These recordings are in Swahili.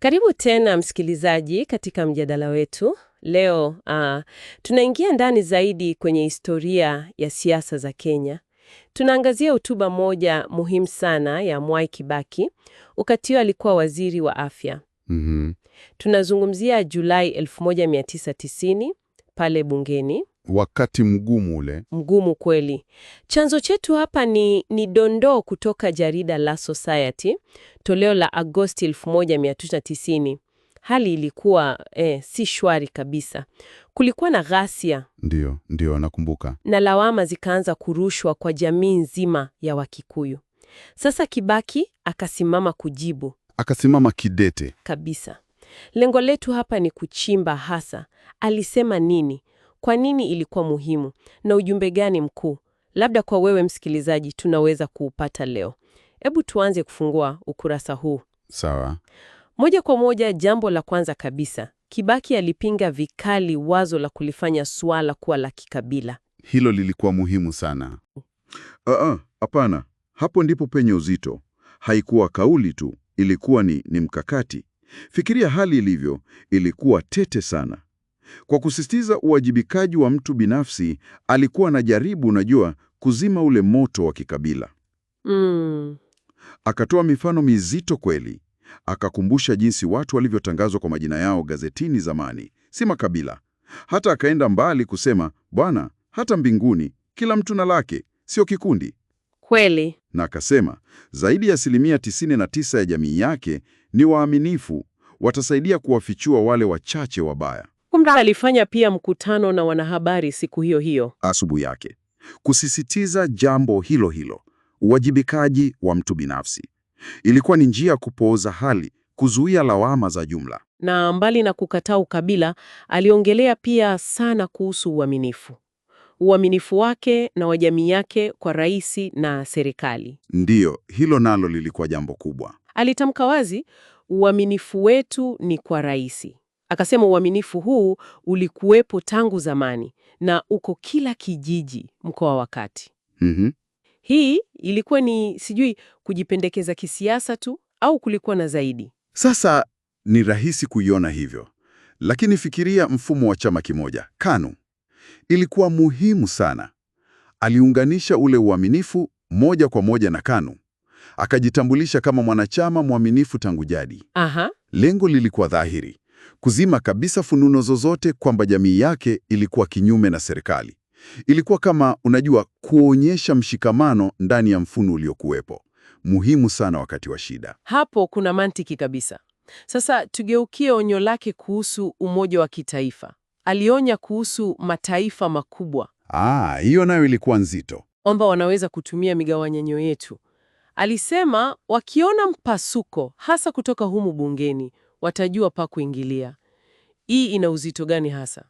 Karibu tena msikilizaji, katika mjadala wetu leo. Uh, tunaingia ndani zaidi kwenye historia ya siasa za Kenya. Tunaangazia hotuba moja muhimu sana ya Mwai Kibaki wakati alikuwa waziri wa afya. Mm -hmm. Tunazungumzia Julai 1990 pale bungeni, wakati mgumu ule. Mgumu kweli. Chanzo chetu hapa ni, ni dondoo kutoka jarida la Society, toleo la Agosti 1990. Hali ilikuwa eh, si shwari kabisa. Kulikuwa na ghasia, ndio ndio, nakumbuka, na lawama zikaanza kurushwa kwa jamii nzima ya Wakikuyu. Sasa Kibaki akasimama kujibu, akasimama kidete kabisa. Lengo letu hapa ni kuchimba hasa alisema nini kwa nini ilikuwa muhimu na ujumbe gani mkuu? Labda kwa wewe msikilizaji tunaweza kuupata leo. Hebu tuanze kufungua ukurasa huu. Sawa. Moja kwa moja, jambo la kwanza kabisa, Kibaki alipinga vikali wazo la kulifanya suala kuwa la kikabila. Hilo lilikuwa muhimu sana. Ah, ah, hapana, uh -uh, hapo ndipo penye uzito. Haikuwa kauli tu, ilikuwa ni, ni mkakati. Fikiria hali ilivyo, ilikuwa tete sana. Kwa kusisitiza uwajibikaji wa mtu binafsi, alikuwa anajaribu, unajua, kuzima ule moto wa kikabila. Mm. Akatoa mifano mizito kweli, akakumbusha jinsi watu walivyotangazwa kwa majina yao gazetini zamani, si makabila. Hata akaenda mbali kusema, bwana, hata mbinguni kila mtu na lake, sio kikundi. Kweli. Na akasema zaidi ya asilimia 99 ya jamii yake ni waaminifu, watasaidia kuwafichua wale wachache wabaya. Komra alifanya pia mkutano na wanahabari siku hiyo hiyo asubuhi yake, kusisitiza jambo hilo hilo, uwajibikaji wa mtu binafsi. Ilikuwa ni njia ya kupooza hali, kuzuia lawama za jumla. Na mbali na kukataa ukabila, aliongelea pia sana kuhusu uaminifu, uaminifu wake na wa jamii yake kwa rais na serikali. Ndiyo, hilo nalo lilikuwa jambo kubwa. Alitamka wazi, uaminifu wetu ni kwa rais. Akasema uaminifu huu ulikuwepo tangu zamani na uko kila kijiji, mkoa wa kati. mm -hmm. Hii ilikuwa ni sijui kujipendekeza kisiasa tu au kulikuwa na zaidi? Sasa ni rahisi kuiona hivyo, lakini fikiria mfumo wa chama kimoja. KANU ilikuwa muhimu sana, aliunganisha ule uaminifu moja kwa moja na KANU akajitambulisha kama mwanachama mwaminifu tangu jadi. Aha. Lengo lilikuwa dhahiri, kuzima kabisa fununo zozote kwamba jamii yake ilikuwa kinyume na serikali. Ilikuwa kama, unajua, kuonyesha mshikamano ndani ya mfumo uliokuwepo, muhimu sana wakati wa shida. Hapo kuna mantiki kabisa. Sasa tugeukie onyo lake kuhusu umoja wa kitaifa. Alionya kuhusu mataifa makubwa. Ah, hiyo nayo ilikuwa nzito, kwamba wanaweza kutumia migawanyanyo yetu. Alisema wakiona mpasuko hasa kutoka humu bungeni watajua pa kuingilia. Hii ina uzito gani hasa?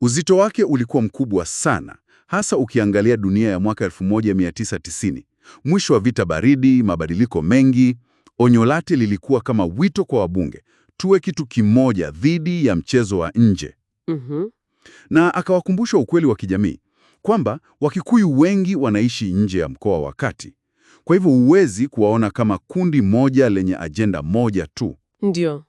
Uzito wake ulikuwa mkubwa sana, hasa ukiangalia dunia ya mwaka 1990 mwisho wa vita baridi, mabadiliko mengi. Onyo lake lilikuwa kama wito kwa wabunge, tuwe kitu kimoja dhidi ya mchezo wa nje. mm -hmm. Na akawakumbusha ukweli wa kijamii kwamba Wakikuyu wengi wanaishi nje ya mkoa wa kati, kwa hivyo huwezi kuwaona kama kundi moja lenye ajenda moja tu. Ndio.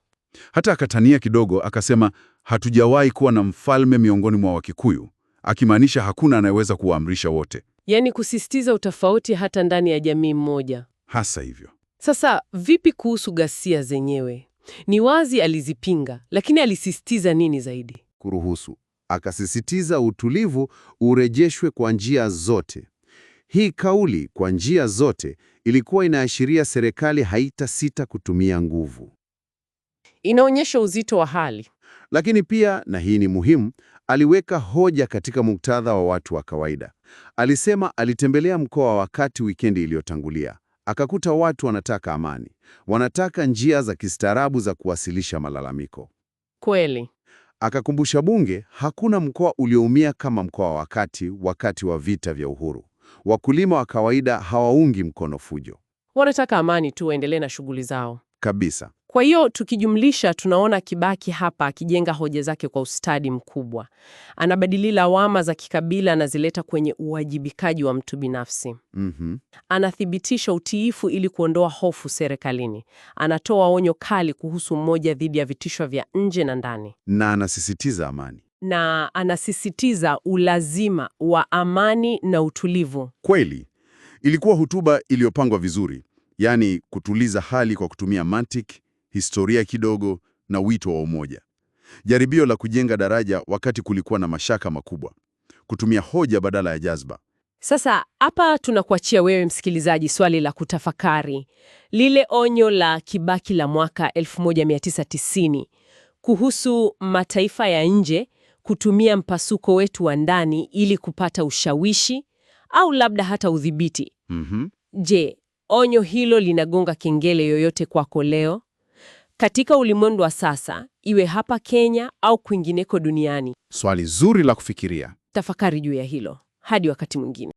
Hata akatania kidogo, akasema hatujawahi kuwa na mfalme miongoni mwa Wakikuyu, akimaanisha hakuna anayeweza kuwaamrisha wote, yaani kusisitiza utofauti hata ndani ya jamii moja. Hasa hivyo. Sasa vipi kuhusu ghasia zenyewe? Ni wazi alizipinga, lakini alisisitiza nini zaidi? Kuruhusu. Akasisitiza utulivu urejeshwe kwa njia zote. Hii kauli kwa njia zote ilikuwa inaashiria serikali haitasita kutumia nguvu. Inaonyesha uzito wa hali. Lakini pia, na hii ni muhimu, aliweka hoja katika muktadha wa watu wa kawaida. Alisema alitembelea mkoa wakati wikendi iliyotangulia, akakuta watu wanataka amani, wanataka njia za kistaarabu za kuwasilisha malalamiko. Kweli. Akakumbusha bunge, hakuna mkoa ulioumia kama mkoa wa Kati wakati wa vita vya uhuru. Wakulima wa kawaida hawaungi mkono fujo, wanataka amani tu waendelee na shughuli zao kabisa. Kwa hiyo tukijumlisha, tunaona Kibaki hapa akijenga hoja zake kwa ustadi mkubwa. Anabadili lawama za kikabila, anazileta kwenye uwajibikaji wa mtu binafsi. mm -hmm. Anathibitisha utiifu ili kuondoa hofu serikalini. Anatoa onyo kali kuhusu mmoja dhidi ya vitisho vya nje na ndani, na anasisitiza amani na anasisitiza ulazima wa amani na utulivu. Kweli ilikuwa hotuba iliyopangwa vizuri, yaani kutuliza hali kwa kutumia mantiki historia kidogo na wito wa umoja. Jaribio la kujenga daraja wakati kulikuwa na mashaka makubwa, kutumia hoja badala ya jazba. Sasa hapa tunakuachia wewe msikilizaji swali la kutafakari, lile onyo la Kibaki la mwaka 1990 kuhusu mataifa ya nje kutumia mpasuko wetu wa ndani ili kupata ushawishi au labda hata udhibiti. Mm -hmm. Je, onyo hilo linagonga kengele yoyote kwako leo? katika ulimwengu wa sasa, iwe hapa Kenya au kwingineko duniani? Swali zuri la kufikiria. Tafakari juu ya hilo. Hadi wakati mwingine.